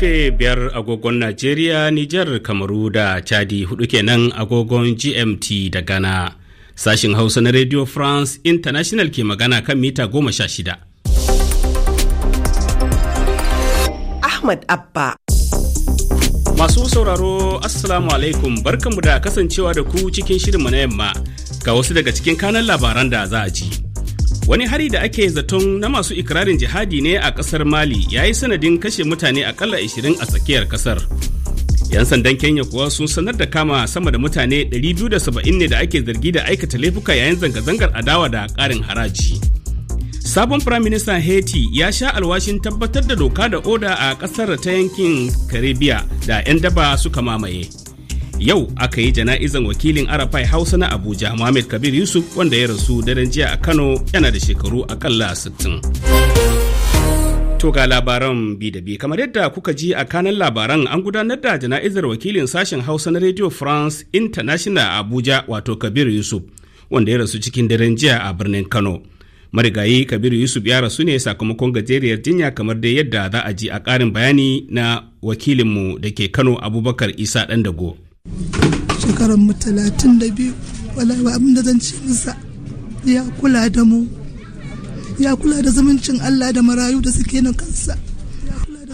karfe biyar agogon Najeriya, Nijar, Kamaru da Chadi hudu kenan agogon GMT da Ghana. Sashen Hausa na Radio France International ke magana kan mita goma sha shida. Ahmad Abba Masu sauraro Assalamu alaikum barkanmu da kasancewa da ku cikin shirinmu na yamma ga wasu daga cikin kanan labaran da za a ji. wani hari da ake zaton na masu ikirarin jihadi ne a kasar mali ya yi sanadin kashe mutane akalla 20 a tsakiyar kasar yan sandan kenya kuwa sun sanar da kama sama da mutane 270 ne da ake zargi da aikata laifuka yayin zanga-zangar adawa da karin haraji sabon firaministan haiti ya sha alwashin tabbatar da doka da oda a kasar ta yankin caribbean da 'yan daba suka mamaye yau aka yi jana'izan wakilin arafai hausa na abuja muhammad kabir yusuf wanda ya rasu daren jiya a kano yana da shekaru akalla 60 To ga labaran bi da bi kamar yadda kuka ji a kanan labaran an gudanar da jana'izar wakilin sashen hausa na radio france international abuja wato kabir yusuf wanda ya rasu cikin daren jiya a birnin kano marigayi kabir yusuf ya rasu ne sakamakon gajeriyar jinya kamar dai yadda za a ji a karin bayani na wakilinmu da ke kano abubakar isa dandago. shekaran mu talatin da biyu wallahi ba abin da zan ci masa ya kula da mu ya kula da zumuncin Allah da marayu da suke nan kansa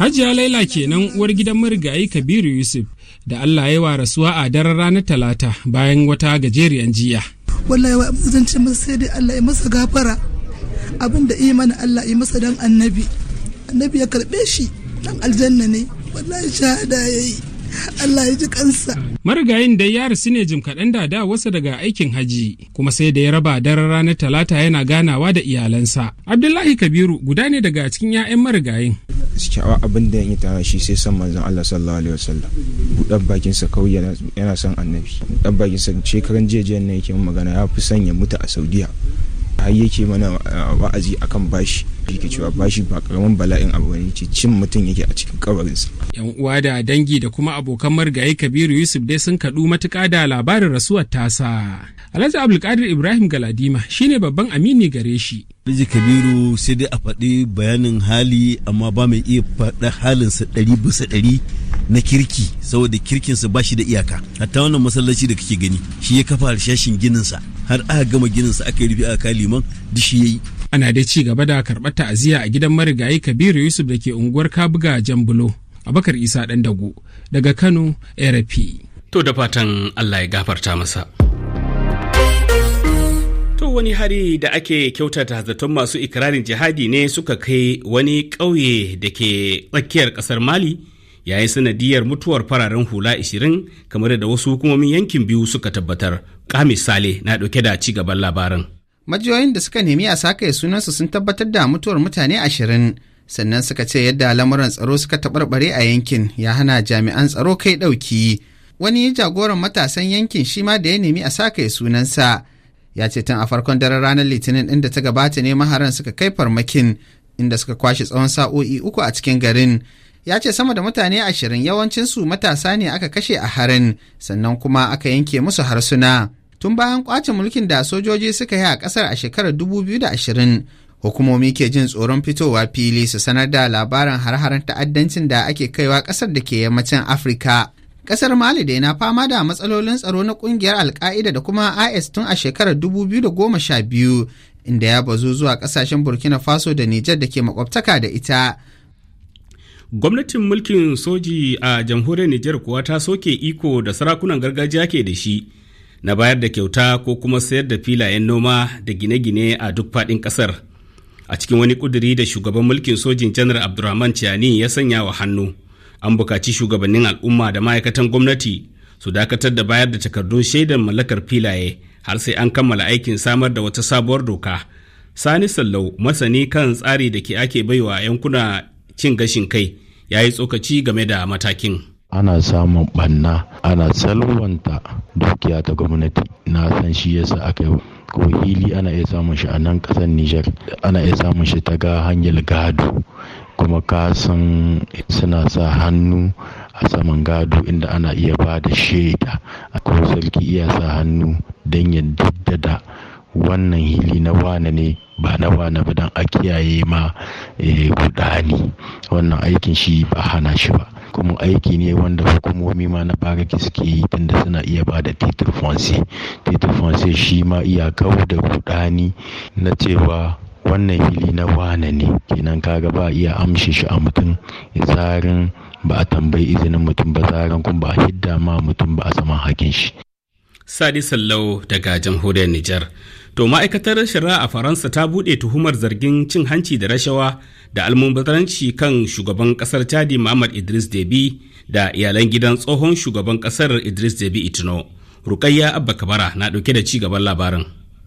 Hajiya Laila kenan uwar gidan marigayi Kabiru Yusuf da Allah ya wa rasuwa a daren ranar Talata bayan wata gajeriyar jiya. Wallahi wa zan ce masa sai dai Allah ya masa gafara abin da imanin Allah ya masa dan annabi. Annabi ya karbe shi dan aljanna ne wallahi shahada yayi. Allah ya ji kansa. Marigayin dai ya rasu ne jim kaɗan da da wasu daga aikin haji kuma sai da ya raba daren ranar talata yana ganawa da iyalansa. Abdullahi Kabiru guda ne daga cikin 'ya'yan marigayin. Kyawa abin da ya tara shi sai san manzon Allah sallallahu alaihi wasallam. Buɗar bakinsa kawai yana son annabi. Buɗar bakinsa shekaran jejiyan ne yake magana ya fi son ya mutu a Saudiya. har yake mana eh, wa'azi akan bashi yake cewa bashi ba karamin bala'in abu bane ce cin mutum yake a cikin kabarinsa yan uwa da dangi da kuma abokan margayi kabiru yusuf dai sun kaɗu matuka da labarin rasuwar tasa alhaji abdulkadir ibrahim galadima shine babban amini gare shi Alhaji Kabiru sai dai a faɗi bayanin hali amma ba mai iya faɗa halinsa ɗari bisa ɗari na kirki saboda kirkinsa ba shi da iyaka hatta wannan masallaci da kake gani shi ya kafa harshashin sa. har aka gama ginin sa aka yi rufi aka liman da shi yayi ana da ci gaba da karɓar ta'aziyya a gidan marigayi kabiru yusuf da ke unguwar kabuga jambulo abakar isa dan dago daga kano rp to da fatan allah ya gafarta masa to wani hari da ake kyautata zaton masu ikirarin jihadi ne suka kai wani ƙauye da ke tsakiyar ƙasar mali yayin sanadiyar mutuwar fararen hula 20 kamar da wasu hukumomin yankin biyu suka tabbatar Ƙa Sale na ɗauke da ci gaban labarin. Majiyoyin da suka nemi a sakaye sunansu sun tabbatar da mutuwar mutane ashirin sannan suka ce yadda lamuran tsaro suka taɓarɓare a yankin ya hana jami'an tsaro kai ɗauki. Wani jagoran matasan yankin shi ma da ya nemi a sakaye sunansa. Ya ce tun a farkon daren ranar Litinin inda ta gabata ne maharan suka kai farmakin inda suka kwashe tsawon sa'o'i uku a cikin garin ya ce sama da mutane ashirin yawancinsu matasa ne aka kashe a harin sannan kuma aka yanke musu harsuna tun bayan ƙwace mulkin da sojoji suka yi a kasar a shekarar 2020 hukumomi ke jin tsoron fitowa fili su sanar da labarin har-haren ta'addancin da ake kaiwa kasar da ke yammacin afirka Ƙasar Mali dai na fama da matsalolin tsaro na ƙungiyar alka'ida da kuma IS tun a shekarar 2012 inda ya bazu zuwa ƙasashen Burkina Faso da Nijar da ke makwabtaka da ita. Gwamnatin mulkin soji a jamhuriyar Nijar kuwa ta soke iko da sarakunan gargajiya ke da shi na bayar da kyauta ko kuma sayar da filayen noma da gine-gine a duk faɗin ƙasar. A cikin wani ƙuduri da shugaban mulkin sojin janar Abdurrahman Ciani ya sanya wa hannu, an bukaci shugabannin al'umma da ma'aikatan gwamnati su dakatar da bayar da takardun shaidar mallakar filaye har sai an kammala aikin samar da wata sabuwar doka. Sani Sallau masani kan tsari da ke ake baiwa yankuna cin gashin kai ya yi tsokaci game da matakin. Ana samun ɓanna, ana salwanta dukiya ta gwamnati, na san shi yasa aka yi ko hili ana iya samun shi a nan kasar Nijar ana iya samun shi ta ga hanyar gado kuma ka san suna sa hannu a saman gado inda ana iya ba da shaida ko sarki iya sa hannu don ya daddada wannan hili na wane ne ba na wane ba don a kiyaye ma eh, ne wannan aikin shi ba hana shi ba kuma aiki ne wanda hukumomi ma na bariki suke yi tunda suna iya ba da titir fonse titir fonse shi ma iya kawo da gudani na cewa wannan hili na wane ne kenan kaga ba iya amshe shi a mutum zarin ba a tambayi izinin mutum ba zarin kuma ba a hidda ma mutum ba a saman hakin shi sadi sallau daga jamhuriyar nijar To ma'aikatar shari'a a Faransa ta buɗe tuhumar zargin cin hanci da rashawa da almubazaranci kan shugaban ƙasar Chadi Muhammad Idris debi da iyalan gidan tsohon shugaban ƙasar Idris debi Itno. Rukayya Abba Kabara na ɗauke da ci gaban labarin.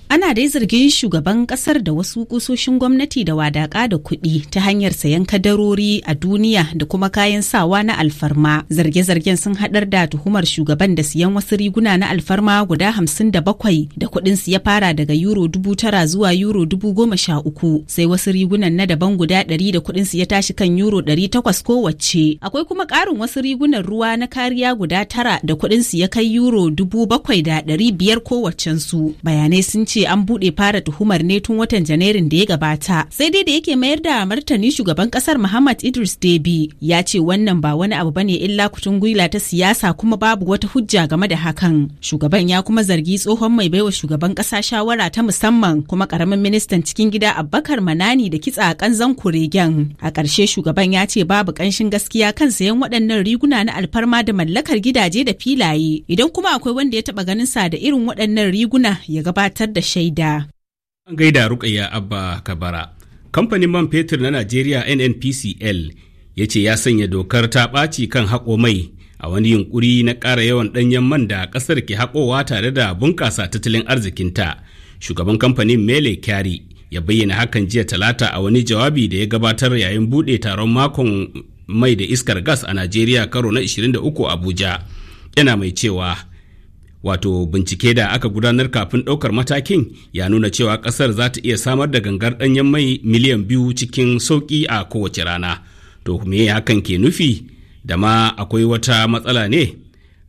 Ana dai zargin shugaban kasar da wasu kusoshin gwamnati da wadaƙa da kuɗi ta hanyar sayan kadarori a duniya da kuma kayan sawa na alfarma. Zarge-zargen sun haɗar da tuhumar shugaban da siyan wasu riguna na alfarma guda hamsin da bakwai da kuɗin su ya fara daga yuro dubu tara zuwa yuro dubu goma sha uku sai wasu rigunan na daban guda ɗari da kuɗin su ya tashi kan yuro ɗari takwas kowace. Akwai kuma ƙarin wasu rigunan ruwa na kariya guda tara da kuɗin su ya kai yuro dubu bakwai da ɗari biyar su. Bayanai sun ce ce an buɗe fara tuhumar ne tun watan Janairun da ya gabata. Sai dai da yake mayar da martani shugaban ƙasar Muhammad Idris debi ya ce wannan ba wani abu bane illa kutun gwila ta siyasa kuma babu wata hujja game da hakan. Shugaban ya kuma zargi tsohon mai baiwa shugaban ƙasa shawara ta musamman kuma karamin ministan cikin gida Abubakar Manani da kitsa a kanzan kuregen. A ƙarshe shugaban ya ce babu ƙanshin gaskiya kan sayan waɗannan riguna na alfarma da mallakar gidaje da filaye. Idan kuma akwai wanda ya taɓa ganin sa da irin waɗannan riguna ya gabatar da shaida. An gaida Rukayya Abba Kabara. Kamfanin man fetur na Najeriya NNPCL ya ce ya sanya dokar ta ɓaci kan haƙo mai a wani yunƙuri na ƙara yawan ɗanyen man da ƙasar ke haƙowa tare da bunƙasa tattalin arzikinta. Shugaban kamfanin Mele Kyari ya bayyana hakan jiya talata a wani jawabi da ya gabatar yayin buɗe taron makon mai da iskar gas a Najeriya karo na 23 Abuja. Yana mai cewa wato bincike da aka gudanar kafin ɗaukar matakin ya nuna cewa ƙasar za ta iya samar da gangar ɗanyen mai miliyan biyu cikin sauƙi a kowace rana to me hakan ke nufi da ma akwai wata matsala ne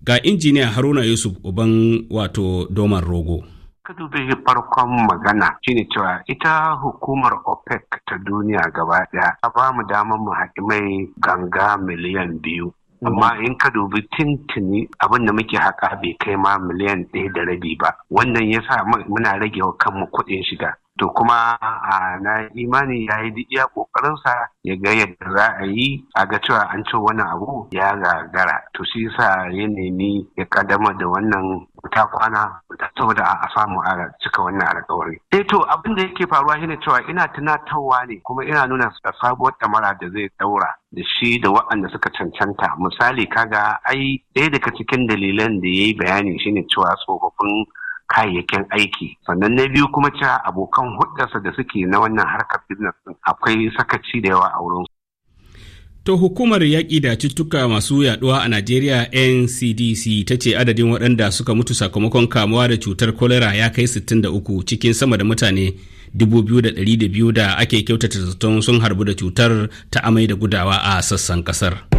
ga injiniya haruna yusuf uban wato doman rogo ka dubi farkon magana shine cewa ita hukumar opec ta duniya gaba daya ta bamu damar mu haɗi mai ganga miliyan biyu amma mm. in ka dubi tintini abin da muke haƙa bai kai ma miliyan ɗaya da rabi ba wannan ya sa muna rage wa kanmu kuɗin shiga to kuma a na imani ya yi iya kokarinsa ya ga yadda za a yi a ga cewa an ci wani abu ya gagara to shi sa ya nemi ya kadama da wannan ta kwana saboda a samu a cika wannan alkawari eh to abin da yake faruwa shine cewa ina tunatarwa ne kuma ina nuna sabuwar damara da zai daura da shi da waɗanda suka cancanta misali kaga ai ɗaya daga cikin dalilan da ya yi bayani shine cewa tsofaffin kayayyakin aiki sannan na biyu kuma cewa abokan hudarsa da suke na wannan harkar business din akwai sakaci da yawa a wurin To hukumar yaƙi da cututtuka masu yaduwa a Najeriya NCDC ta ce adadin waɗanda suka mutu sakamakon kamuwa da cutar kolera ya kai 63 cikin sama da mutane 2,200 da ake kyautata zaton sun harbu da cutar ta amai da gudawa a sassan ƙasar.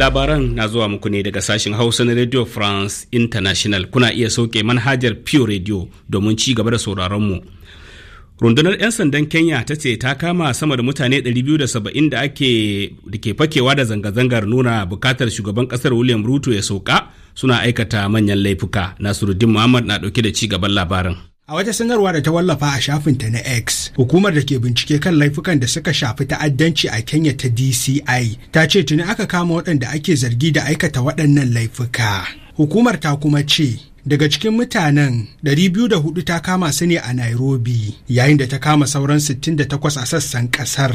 Labaran na zuwa muku ne daga sashen Hausa na Radio France International. Kuna iya sauke manhajar Pure Radio domin ci gaba da sauraron mu. Rundunar 'yan sandan Kenya ta ce ta kama sama da mutane 270 da ake da ke fakewa da zanga-zangar nuna bukatar shugaban kasar William Ruto ya sauka suna aikata manyan laifuka. nasiru Nasiruddin Muhammad na dauke da ci gaban labarin. A wata sanarwa da ta wallafa a shafin ta na X, hukumar da ke bincike kan laifukan da suka shafi ta'addanci a Kenya ta DCI ta ce tuni aka kama waɗanda ake zargi da aikata waɗannan laifuka. Hukumar ta kuma ce daga cikin mutanen da hudu ta kama su ne a Nairobi yayin da ta kama sauran 68 a sassan ƙasar.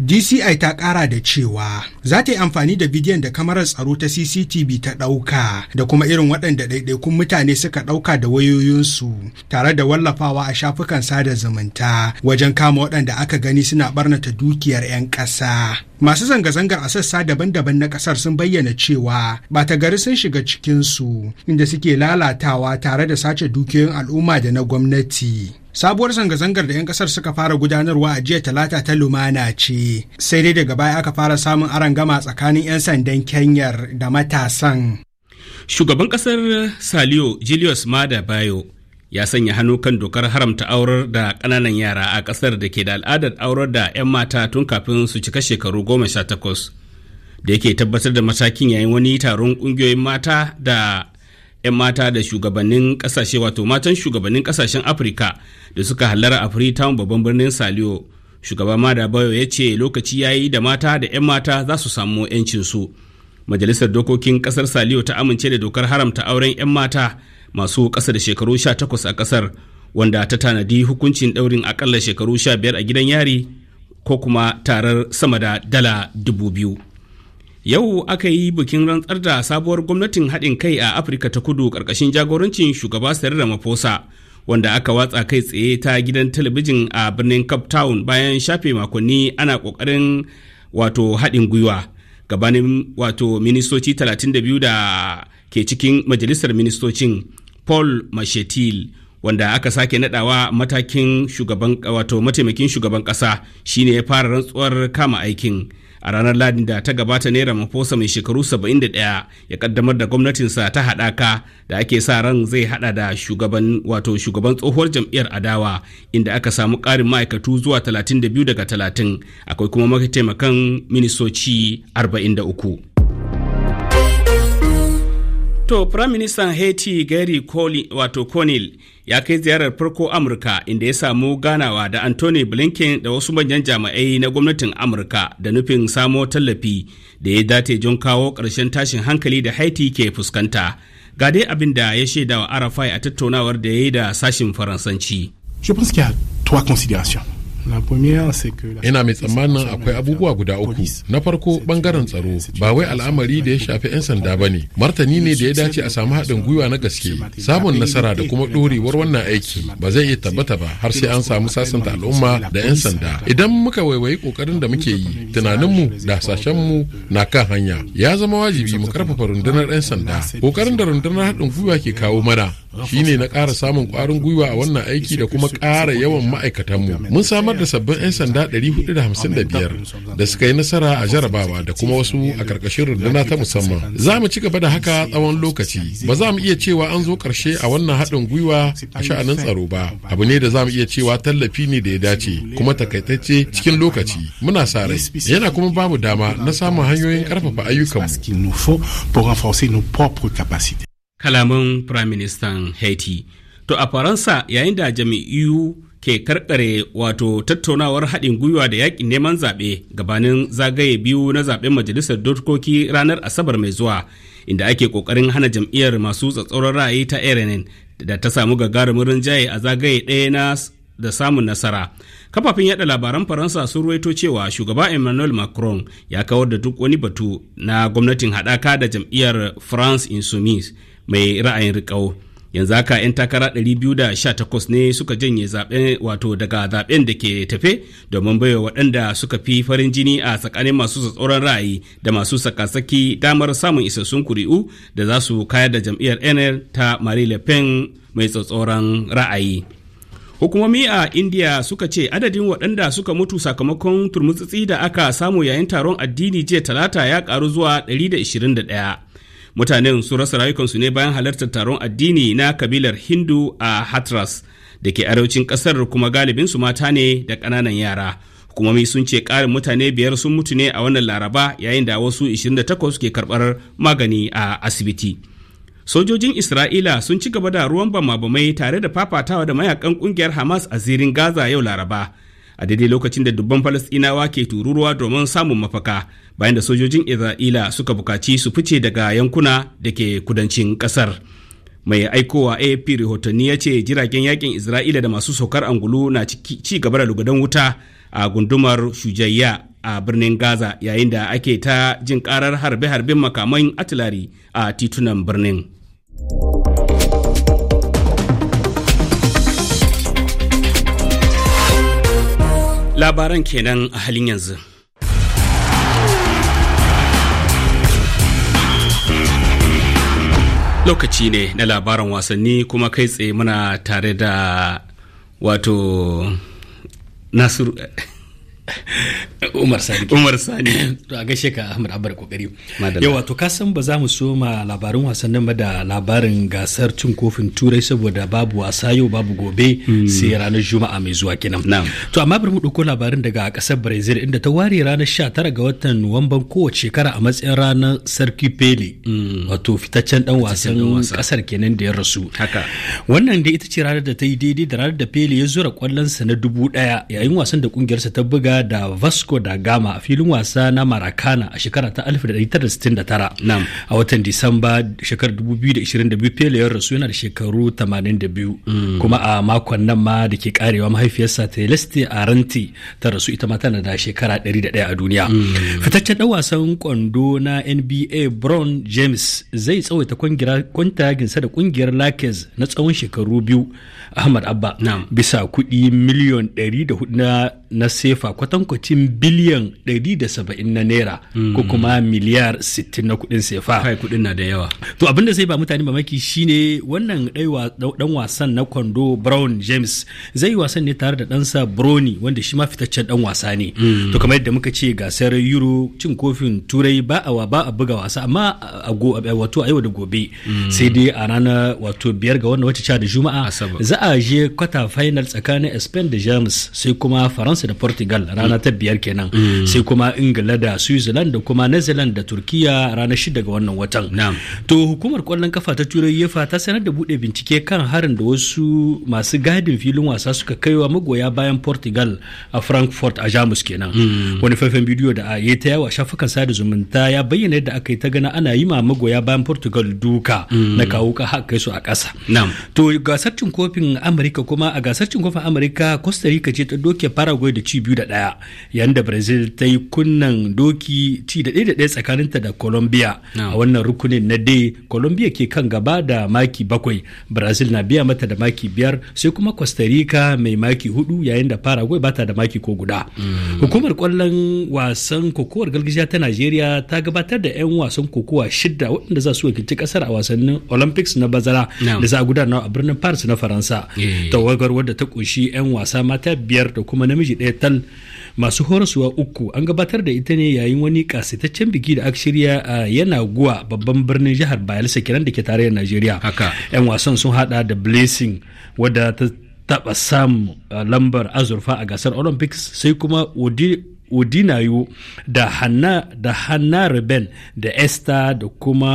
DCI ta kara da cewa za ta yi amfani da bidiyon da kamarar tsaro ta CCTV ta ɗauka da kuma irin waɗanda ɗaiɗaikun mutane suka ɗauka da wayoyinsu tare da wallafawa a shafukan sada zumunta wajen kama waɗanda aka gani suna ɓarnata dukiyar 'yan ƙasa. Masu zanga-zangar a sassa daban-daban na ƙasar sun bayyana cewa ɓata gari sun shiga cikinsu inda suke lalatawa tare da sace dukiyoyin al'umma da na gwamnati. sabuwar zanga-zangar da 'yan kasar suka fara gudanarwa a jiya talata ta lumana ce sai dai daga baya aka fara samun gama tsakanin 'yan sandan kenyar da matasan shugaban kasar saliyo julius mada bayo ya sanya hannu kan dokar haramta aurar da ƙananan yara a ƙasar da ke da al'adar aurar da 'yan mata tun kafin su cika shekaru goma sha takwas da yake tabbatar da matakin yayin wani taron ƙungiyoyin mata da 'yan mata da shugabannin kasashe wato matan shugabannin kasashen afirka da suka hallara a freetown babban birnin saliyo shugaba mada bayo ya ce lokaci ya yi da mata da 'yan mata za su samu su. majalisar dokokin kasar saliyo ta amince da dokar haramta auren 'yan mata masu ƙasa da shekaru sha takwas a kasar wanda ta tanadi hukuncin ɗaurin akalla shekaru sha biyar a gidan yari ko kuma tarar sama da dala dubu biyu. Yau aka yi bikin rantsar da sabuwar gwamnatin haɗin kai a Afirka ta kudu ƙarƙashin jagorancin shugaba da mafosa wanda aka watsa kai tsaye ta gidan talabijin a birnin Cape Town bayan shafe makonni ana ƙoƙarin wato haɗin gwiwa. Gabanin wato ministoci 32 da ke cikin majalisar ministocin Paul Mashetil wanda aka sake nadawa matakin shugaban wato mataimakin shugaban ƙasa shine ya fara rantsuwar kama aikin. a ranar ladin da ta gabata ne ramaphosa mai shekaru 71 ya kaddamar da gwamnatinsa ta haɗaka da ake sa ran zai haɗa da shugaban wato shugaban tsohuwar jam'iyyar adawa inda aka samu karin ma'aikatu zuwa 32 daga 30 akwai kuma mataimakan ministoci 43 To, Firaministan Haiti Gary Conil ya kai ziyarar farko Amurka inda ya samu ganawa da Anthony Blinken da wasu manyan jami'ai na gwamnatin Amurka da nufin samo tallafi da ya dace don kawo ƙarshen tashin hankali da Haiti ke fuskanta. Ga dai abin da ya shaida wa Arafai a tattaunawar da ya yi da sashin Faransanci. Je Ina mai tsammanin akwai abubuwa guda uku. Na farko bangaren tsaro ba wai al'amari da ya shafi 'yan sanda ba ne. Martani ne da ya dace a samu haɗin gwiwa na gaske. Samun nasara da kuma ɗorewar wannan aiki ba zai iya tabbata ba har sai an samu sasanta al'umma da 'yan sanda. Idan muka waiwayi ƙoƙarin da muke yi, tunaninmu da hasashenmu na kan hanya. Ya zama wajibi mu karfafa rundunar 'yan sanda. Ƙoƙarin da rundunar haɗin gwiwa ke kawo mana shi ne na ƙara samun ƙwarin gwiwa a wannan aiki da kuma ƙara yawan ma'aikatanmu mun samar da sabbin 'yan sanda 455 da suka yi nasara a jarabawa da kuma wasu a ƙarƙashin runduna ta musamman za mu ci gaba da haka tsawon lokaci ba za mu iya cewa an zo ƙarshe a wannan haɗin gwiwa a sha'anin tsaro ba abu ne da za mu iya cewa tallafi ne da ya dace kuma takaitacce cikin lokaci muna sa rai yana kuma babu dama na samun hanyoyin ƙarfafa ayyukanmu kalaman firaministan haiti to a faransa yayin da jami'u ke karkare wato tattaunawar haɗin gwiwa da yakin neman zaɓe gabanin zagaye biyu na zaɓen majalisar dokoki ranar asabar mai zuwa inda ake ƙoƙarin hana jam'iyyar masu tsatsauran ra'ayi ta rnn da ta samu gagarumin rinjaye a zagaye ɗaya na da samun nasara kafafin yada labaran faransa sun ruwaito cewa shugaba emmanuel macron ya kawar da duk wani batu na gwamnatin haɗaka da jam'iyyar france insoumise mai ra'ayin riƙau yanzu haka 'yan takara 218 ne suka janye zaɓe wato daga zaɓen da ke tafe domin baiwa waɗanda suka fi farin jini a tsakanin masu tsatsauran ra'ayi da masu sakasaki damar samun isassun kuri'u da za su kayar da jam'iyyar nl ta marie le pen mai tsatsauran ra'ayi hukumomi a india suka ce adadin waɗanda suka mutu sakamakon turmutsitsi da aka samu yayin taron addini jiya talata ya karu zuwa 121 mutanen su rasa rayukansu ne bayan halartar taron addini na kabilar hindu a hatras da ke arewacin kasar kuma galibinsu mata ne da kananan yara hukumomi sun ce ƙarin mutane biyar sun mutu ne a wannan laraba yayin da wasu 28 ke karbar magani a asibiti sojojin isra'ila sun ci gaba da ruwan bama-bamai tare da fafatawa da mayakan kungiyar hamas a zirin gaza yau laraba a daidai lokacin da dubban falasɗinawa ke tururuwa domin samun mafaka bayan da sojojin isra'ila suka bukaci su fice daga yankuna da ke kudancin ƙasar mai aikowa afp rahotanni ya ce jiragen yakin isra'ila da masu saukar angulu na ci gaba da lugadan wuta a gundumar shujayya a birnin gaza yayin da ake ta jin karar harbe-harben makaman atilari a titunan birnin. labaran kenan a halin yanzu lokaci ne na labaran wasanni kuma kai tsaye muna tare da wato nasiru Umar Sani. Umar Sani. To a gaishe ka Ahmad Abbar kokari. Yawa to ka ba za mu so ma labarin wasannin ba da labarin gasar cin kofin Turai saboda babu wasa yau babu gobe hmm. sai ranar Juma'a mai zuwa kenan. To amma bari mu dauko labarin daga kasar Brazil inda ta ware ranar 19 ga watan Nuwamban kowace shekara a matsayin ranar Sarki Pele. Hmm. Wato fitaccen dan wasan kasar kenan da ya rasu. Haka. Wannan da ita ce ranar da ta yi daidai da ranar da Pele ya zura sa na dubu daya yayin wasan da kungiyarsa ta buga da vasco da gama a filin wasa na maracana a shekara ta 1969 a watan disamba shekarar 2022 pele ya rasu yana da shekaru 82 mm. kuma a makon nan ma da ke karewa mahaifiyarsa ta Leste aranti ta rasu ita ma da shekara 101 a duniya mm. fitaccen dan wasan kwando na nba brown james zai tsawaita kwantaginsa da kungiyar lakers na tsawon shekaru biyu ahmad abba bisa kuɗi miliyon 104 na sefa kwatankwacin biliyan 170 na naira hmm. ko kuma miliyar 60 na kuɗin sefa kai kuɗin na da yawa to abin da sai ba mutane mamaki shine wannan dan wasan na kwando brown james zai yi wasan ne tare da ɗansa brony wanda shi ma fitaccen dan wasa ne hmm. to kamar yadda muka ce gasar euro cin kofin turai ba a ba a buga wasa amma a wato a yau da gobe hmm. sai dai a ranar wato biyar ga wannan wata da juma'a za a je kwata final tsakanin spain da james sai kuma faransa da portugal rana ta biyar kenan mm. sai kuma ingila da switzerland da kuma netherlands da turkiya ranar shida ga wannan watan to hukumar kwallon kafa ta turai yefa ta sanar da bude bincike kan harin da wasu masu gadin filin wasa suka wa magoya bayan portugal a frankfurt a jamus kenan mm. wani faifan bidiyo da ya ta yawa shafukan sada zumunta ya bayyana yadda aka yi ta gana ana yi ma magoya bayan portugal duka mm. na kawo ka haka su a ƙasa to gasar cin kofin amurka kuma a gasar cin kofin amurka costa rica ce ta doke paraguay da ci biyu da ɗaya yayin da brazil ta yi kunnan doki ci da ɗaya da ɗaya tsakaninta da colombia a wannan rukunin na d colombia ke kan gaba da maki bakwai brazil na biya mata da maki biyar sai kuma costa rica mai maki hudu yayin da paraguay bata da maki ko guda mm. hukumar kwallon wasan kokowar gargajiya ta najeriya ta gabatar da 'yan wasan kokowa shida waɗanda za su wakilci kasar a wasannin olympics na bazara da za a gudanar a birnin paris na faransa eh. tawagar wadda ta kunshi 'yan wasa mata biyar da kuma namiji ɗaya tal masu horaswa uku an gabatar da ita ne yayin wani kasitaccen biki da aka shirya a yana guwa babban birnin jihar bayelsa kiran da ke tarayyar najeriya yan wasan sun hada da blessing wadda ta taba sam lambar azurfa a gasar olympics sai kuma odinayo da hanna da hanna reben da esther da kuma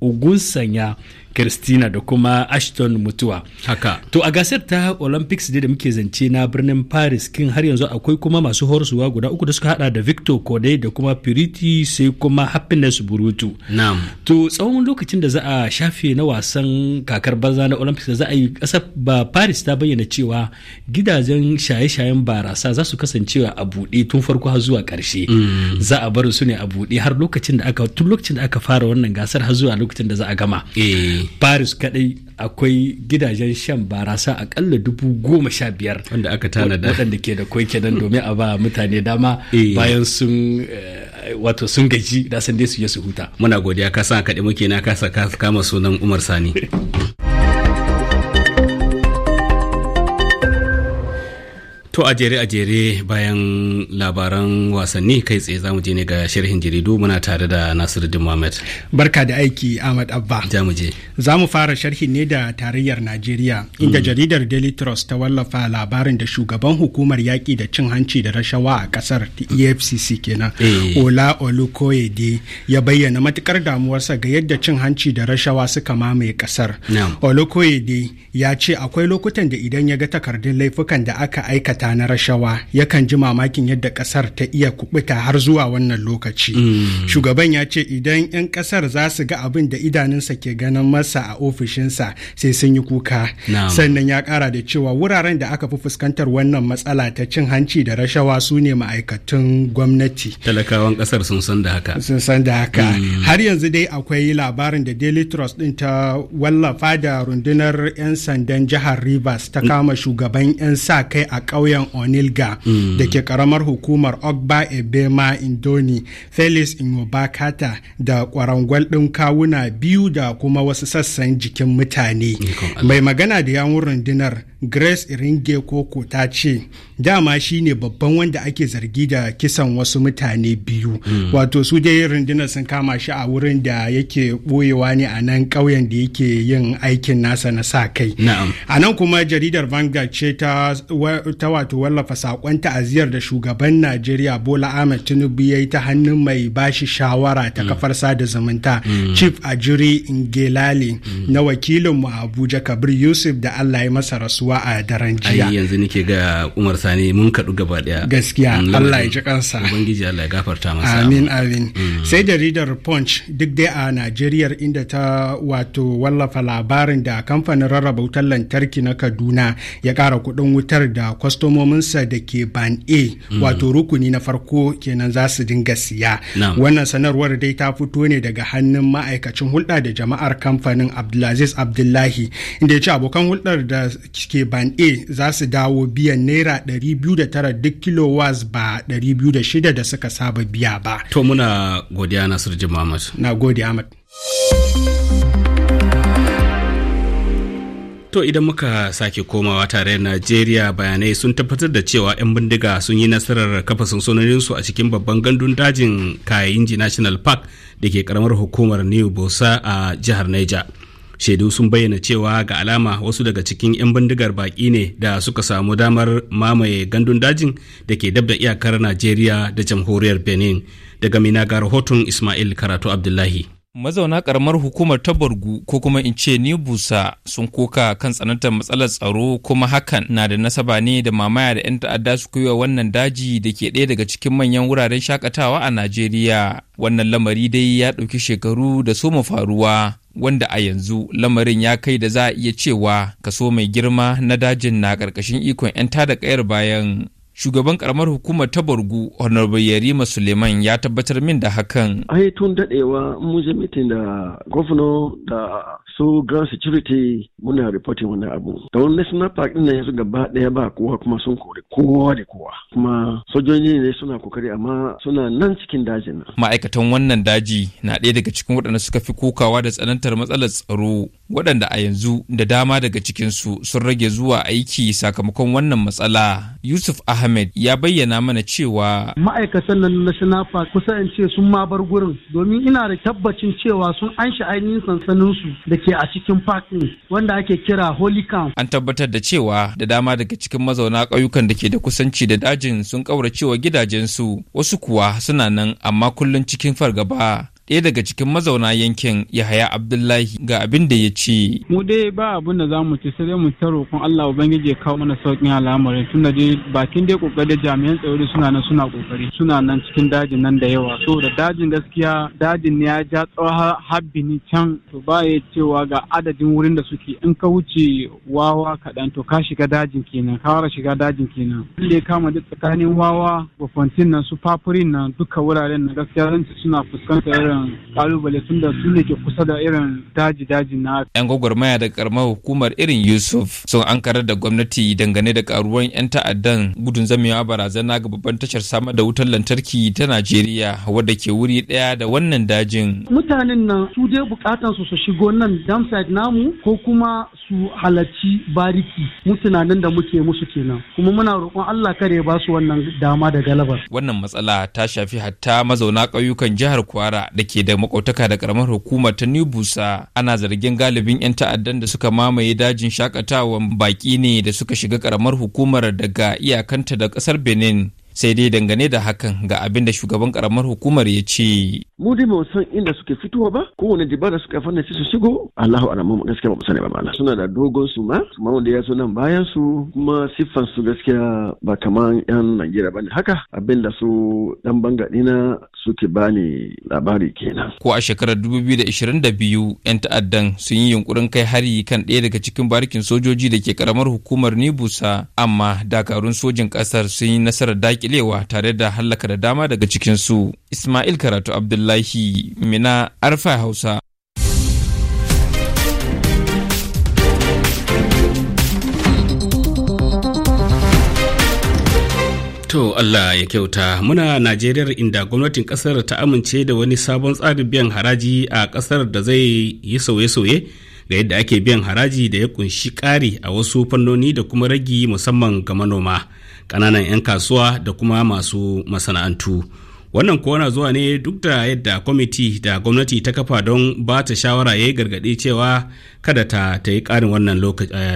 ogunsanya Christina da kuma Ashton Mutuwa. Haka. To a gasar ta Olympics da muke zance na birnin Paris kin har yanzu akwai kuma masu horsuwa guda uku da suka hada da Victor Kode da kuma Purity sai kuma Happiness Burutu. Na'am. To tsawon lokacin da za a shafe na wasan kakar banza na Olympics da za a yi kasar ba Paris ta bayyana cewa gidajen shaye-shayen barasa za su kasancewa a buɗe tun farko har zuwa ƙarshe. Mm. Za a bar su ne a buɗe har lokacin da aka tun lokacin da aka fara wannan gasar har zuwa lokacin da za a gama. Eh. paris kadai akwai gidajen shan barasa akalla dubu goma sha biyar wanda aka tanada waɗanda ke da kwai kenan domin a ba mutane dama eh. bayan sun eh, wato sun gaji da san dai su yi su huta muna godiya ka san muke na kasa kama sunan umar sani To a jere a jere bayan labaran wasanni kai tsaye za mu je ne ga sharhin jaridu muna tare da Nasiruddin Muhammad. Barka da aiki Ahmad Abba. Za mu je. Za mu fara sharhi ne da tarayyar Najeriya inda mm. jaridar Daily Trust ta wallafa labarin da shugaban hukumar yaƙi da cin hanci da rashawa a ƙasar EFCC kenan. Eh. Ola Olukoyede ya bayyana matukar damuwarsa ga yadda cin hanci da rashawa suka mamaye ƙasar. Olukoyede ya ce akwai lokutan da idan ya ga takardun laifukan da aka aikata aikata na rashawa yakan ji mamakin yadda kasar ta iya kubuta har zuwa wannan lokaci mm. shugaban ya ce idan 'yan kasar za su ga abin da idanunsa ke ganin masa a ofishinsa sai sun yi kuka sannan ya kara da cewa wuraren da aka fi fuskantar wannan matsala ta cin hanci da rashawa su ne ma'aikatun gwamnati talakawan kasar sun san da haka sun san da haka mm. har yanzu dai akwai labarin da daily trust din ta wallafa da rundunar 'yan sandan jihar rivers ta mm. kama shugaban 'yan sa kai a ƙauye. kauyen onilga mm. da ke karamar hukumar ogba ebema indoni felix inobakata da kwarangwal ɗin kawuna biyu da kuma wasu sassan jikin mutane mai magana da yawun rundunar grace iringe koko ta ce dama shine babban wanda ake zargi da kisan wasu mutane biyu hmm. wato su dai rundunar sun kama shi a wurin da yake boyewa ne a nan ƙauyen da yake yin aikin nasa na sa kai a nan kuma jaridar vanguard ce ta wato wallafa sakon ta'aziyar da shugaban najeriya bola ahmed tinubu ya yi ta hannun mai bashi shawara ta hmm. kafar sada zumunta hmm. chief ajiri ngelale na wakilinmu a abuja kabir yusuf da allah ya masa rasuwa rasuwa a daren jiya ai yanzu nike ga Umar Sani mun kaɗu gaba daya gaskiya Allah ya ji kansa ubangiji Allah ya gafarta masa amin amin mm. sai jaridar Punch duk dai a Najeriya inda ta wato wallafa labarin da kamfanin rarraba wutar lantarki na Kaduna ya ƙara kuɗin wutar da kwastomominsa da ke ban A mm. wato rukuni na farko kenan za su dinga siya wannan sanarwar dai ta fito ne daga hannun ma'aikacin hulɗa da jama'ar kamfanin Abdulaziz Abdullahi inda ya ce abokan hulɗar da ke ke ban A za su dawo biyan naira 209 duk kilowatts ba 206 da suka saba biya ba. To muna godiya Sirji Muhammad. Na gode Ahmad. To idan muka sake komawa tare Najeriya bayanai sun tabbatar da cewa 'yan bindiga sun yi nasarar kafa sansanoninsu a cikin babban gandun dajin ka'a-inji National Park da ke karamar hukumar New Bosa a jihar Niger. shaidu sun bayyana cewa ga alama wasu daga cikin 'yan bindigar baƙi ne da suka samu damar mamaye gandun dajin da ke dab da iyakar najeriya da jamhuriyar benin daga mina ga rahoton ismail karatu abdullahi Mazauna karamar hukumar ta Borgu ko kuma in ce nibusa Busa sun koka kan tsanantar matsalar tsaro kuma hakan na da nasaba ne da mamaya da 'yan ta'adda su wa wannan daji da ke ɗaya daga cikin manyan wuraren shakatawa a Najeriya. Wannan lamari dai ya ɗauki shekaru da soma faruwa. Wanda a yanzu lamarin ya kai da za a iya cewa kaso mai girma na dajin na ƙarƙashin ikon 'yan tada ƙayar bayan shugaban karamar hukumar ta borgu honorable yarima suleiman ya tabbatar min da hakan ai tun daɗewa mun je mitin da gwamna da su grand security muna reporting wani abu da wani national park din yanzu gaba daya ba kowa kuma sun kore kowa da kowa kuma sojoji ne suna kokari amma suna nan cikin dajin na. ma'aikatan wannan daji na ɗaya daga cikin waɗanda suka fi kokawa da tsanantar matsalar tsaro waɗanda a yanzu da dama daga cikinsu sun rage zuwa aiki sakamakon wannan matsala yusuf ahmed Ahmed ya bayyana mana cewa ma'aikatan nan na Shinafa kusa in ce sun ma bar gurin domin ina da tabbacin cewa sun anshi ainihin sansanin su da ke a cikin park wanda ake kira Holy Camp. An tabbatar da cewa da dama daga cikin mazauna ƙauyukan da ke da kusanci da dajin sun ƙauracewa gidajensu wasu kuwa suna nan amma kullun cikin fargaba. ɗaya daga cikin mazauna yankin Yahaya Abdullahi ga abin da ya ce. Mu dai ba abin da za mu ci sai dai mu ta roƙon Allah Ubangiji ya kawo mana sauƙin al'amarin tun da dai bakin dai ƙoƙari jami'an tsaro suna nan suna ƙoƙari suna nan cikin dajin nan da yawa. So da dajin gaskiya dajin ne ya ja tsawon habbini can to ba ya cewa ga adadin wurin da suke in ka wuce wawa kaɗan to ka shiga dajin kenan ka fara shiga dajin kenan. da ya kama duk tsakanin wawa gwafantin nan su fafurin nan duka wuraren na gaskiya zan suna fuskantar irin wannan kalubale sun da su ne ke kusa da irin daji daji na yan gwagwarmaya da karamar hukumar irin yusuf sun an karar da gwamnati dangane da karuwan yan ta'addan gudun zamewa barazana ga babban tashar samar da wutar lantarki ta najeriya wadda ke wuri daya da wannan dajin mutanen nan su dai bukatan su su shigo nan damside namu ko kuma su halarci bariki mu tunanin da muke musu kenan kuma muna roƙon allah kare ba su wannan dama da galabar wannan matsala ta shafi hatta mazauna ƙauyukan jihar kwara da ke da makautaka da karamar hukumar ta New ana zargin galibin 'yan ta'addan da suka mamaye dajin shakatawan baki ne da suka shiga karamar hukumar daga iyakanta da kasar Benin sai dai dangane da hakan ga abin da shugaban karamar hukumar ya ce mu dai ba san inda suke fitowa ba kowane da suka fannace su shigo Allahu a'lam mu gaskiya ba mu sani ba mala. suna da dogon su ma kuma wanda ya so nan bayan su kuma siffan su gaskiya ba kaman yan Najeriya bane haka abin da su dan bangadi na suke bani labari kenan ko a shekarar 2022 yan ta'addan sun yi yunkurin kai hari kan ɗaya daga cikin barikin sojoji da ke karamar hukumar Nibusa amma dakarun sojin ƙasar sun yi nasarar daƙi kilewa tare da hallaka da dama daga cikinsu. Ismail Karatu Abdullahi Mina Arfa Hausa. To Allah ya kyauta muna Najeriyar inda gwamnatin kasar ta amince da wani sabon tsarin biyan haraji a kasar da zai yi sauye-sauye ga yadda ake biyan haraji da ya kunshi ƙari a wasu fannoni da kuma ragi musamman ga manoma. kananan 'yan kasuwa da kuma masu masana'antu wannan kuwa na zuwa ne duk da yadda kwamiti da gwamnati ta kafa don ba ta shawara ya yi gargaɗi cewa kada ta ta yi ƙarin wannan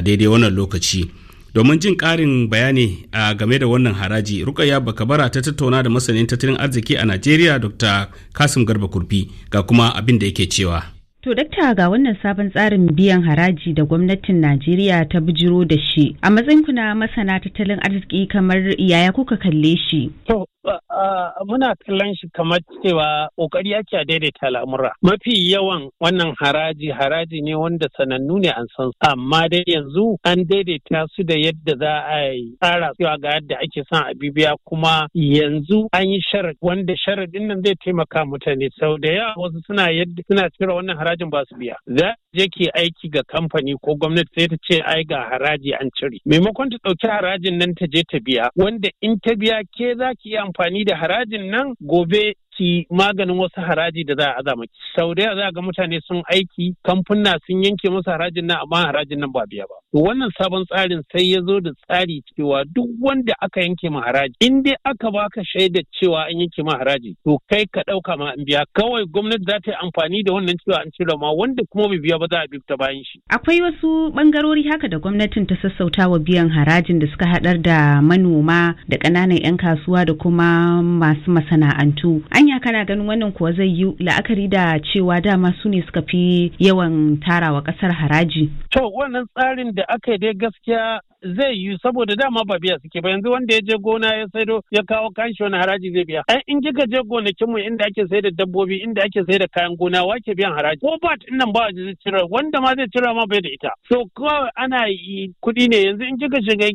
daidai wannan lokaci domin jin ƙarin bayani a game da wannan haraji rukayya bakabara ta tattauna da masanin tattalin arziki a najeriya dr kasim garba kurfi ga kuma abin da yake cewa To dakta ga wannan sabon tsarin biyan haraji da gwamnatin Najeriya ta bijiro da shi. A matsayin ku na masana tattalin arziki kamar yaya kuka kalle shi? To Ah, muna kallon shi kamar cewa kokari ake a daidaita al'amura mafi yawan wannan haraji haraji ne wanda sanannu ne an san amma dai yanzu an daidaita su da yadda za a yi tsara cewa ga yadda ake son a bibiya kuma yanzu an yi sharad wanda sharadin nan zai taimaka mutane sau da yawa wasu suna yadda suna cire wannan harajin ba su biya za je ke aiki ga kamfani ko gwamnati sai ta ce ai ga haraji an cire maimakon ta ɗauki harajin nan ta je ta biya wanda in ta biya ke za ki yi amfani da harajin nan gobe ki maganin wasu haraji da za a aza maki. Sau da za ga mutane sun aiki kamfuna sun yanke musu harajin nan amma harajin nan ba biya ba. To wannan sabon tsarin sai ya zo da tsari cewa duk wanda aka yanke ma haraji in dai aka baka shaida cewa an yanke ma haraji to kai ka ɗauka ma an biya kawai gwamnati za ta yi amfani da wannan cewa an cire ma wanda kuma bai biya ba za a bi ta bayan shi. Akwai wasu bangarori haka da gwamnatin ta sassauta wa biyan harajin da suka haɗar da manoma da ƙananan 'yan kasuwa da kuma masu masana'antu. Anya kana ganin wannan kuwa zai yi la'akari da cewa dama su ne suka fi yawan tarawa ƙasar haraji. To wannan tsarin da da aka yi dai gaskiya zai yi saboda dama ba biya suke ba yanzu wanda ya je gona ya saido ya kawo kanshi wani haraji zai biya ai in kika je gonakin mu inda ake sai da dabbobi inda ake sai da kayan gona wa wake biyan haraji ko ba din nan ba zai cira wanda ma zai cira ma bai da ita so kawai ana yi kuɗi ne yanzu in kika shiga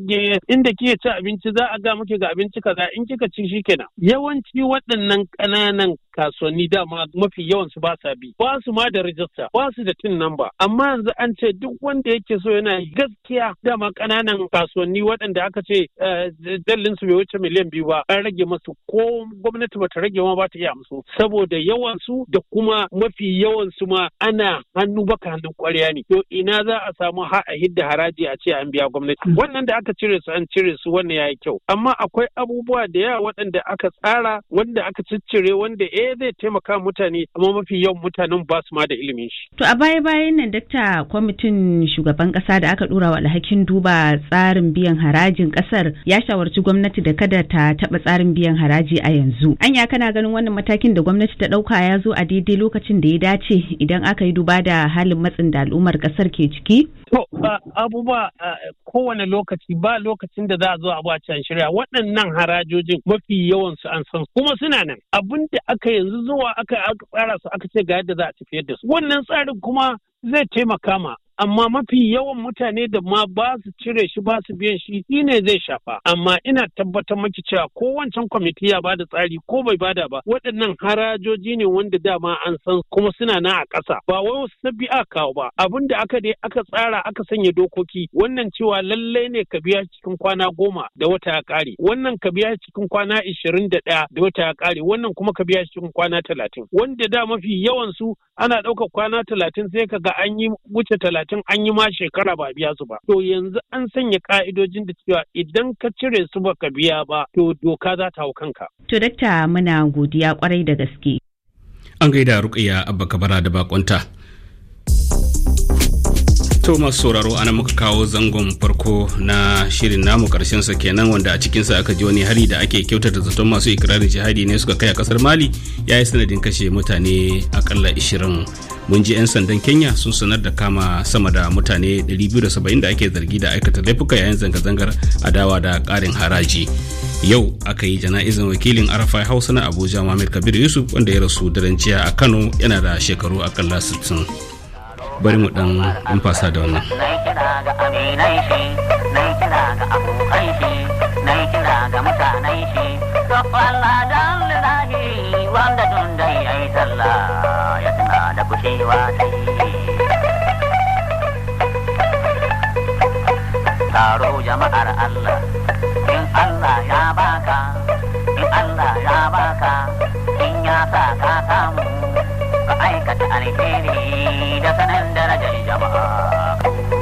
inda kike ci abinci za a ga muke ga abinci kaza in kika ci shikenan yawanci waɗannan ƙananan kasuwanni dama mafi yawansu su ba sa bi ba su ma da rajista ba su da tin namba amma yanzu an ce duk wanda yake so yana gaskiya dama kananan kasuwanni waɗanda aka ce eh, dallin su bai wuce miliyan biyu ba an rage masu ko gwamnati bata rage ma ba ta iya musu saboda yawansu da kuma mafi yawansu ma ana hannu baka hannun kwarya ne to ina za a samu ha a hidda haraji a ce an biya gwamnati wannan da aka cire su an cire su wannan yayi kyau amma akwai abubuwa da yawa waɗanda aka tsara wanda aka ciccire wanda eh zai taimaka mutane amma mafi yawan mutanen ba su ma da ilimin shi. To a baya bayan nan dakta kwamitin shugaban kasa da aka dora wa alhakin duba tsarin biyan harajin ƙasar ya shawarci gwamnati da kada ta taɓa tsarin biyan haraji a yanzu. Anya kana ganin wannan matakin da gwamnati ta ɗauka ya zo a daidai lokacin da ya dace idan aka yi duba da halin matsin da al'ummar ƙasar ke ciki? To, abubuwa kowane lokaci ba lokacin da za a zo a can shirya waɗannan harajojin mafi yawan su an san kuma suna nan abin da aka yanzu zuwa aka tsara su aka ce ga yadda za a tafiyar da su wannan tsarin kuma zai taimaka ma amma mafi yawan mutane da ma ba su cire shi ba su biyan shi shi ne zai shafa amma ina tabbatar maki cewa ko wancan kwamiti ya bada tsari ko bai bada ba waɗannan harajoji ne wanda dama an san kuma suna na a ƙasa ba wai wasu sabbi a kawo ba abin da aka dai aka tsara aka sanya dokoki wannan cewa lallai ne ka biya cikin kwana goma da wata ya ƙare wannan ka biya cikin kwana ishirin da ɗaya da wata ya ƙare wannan kuma ka biya cikin kwana talatin wanda da mafi yawan su ana ɗaukar kwana talatin sai ka ga an yi wuce talatin tun an yi ma shekara ba biya su ba to yanzu an sanya ka'idojin da cewa idan ka cire su baka biya ba to doka za ta hau kanka to dakta muna godiya kwarai da gaske an gaida rukiya abba kabara da bakonta To masu sauraro ana muka kawo zangon farko na shirin namu karshen sa kenan wanda a cikinsa aka ji wani hari da ake kyautata zaton masu ikirarin jihadi ne suka kai a kasar Mali ya yi sanadin kashe mutane akalla 20. mun ji 'yan sandan kenya sun sanar da kama sama da mutane 270 da ake zargi da aikata laifuka yayin zanga-zangar adawa da karin haraji yau aka yi jana'izan wakilin arafai hausa na abuja mohammed kabir yusuf wanda ya rasu daren jiya a kano yana da shekaru akalla 60 bari mu dan an fasa da wannan da kushewa sai taro jama'ar Allah in Allah ya baka in Allah ya baka in ya sa ka samu ka aikata alheri da sanan darajar jama'a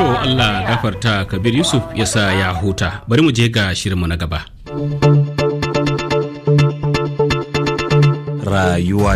To Allah gafarta Kabir Yusuf ya sa ya huta. Bari mu je ga shirinmu na gaba. Rayuwa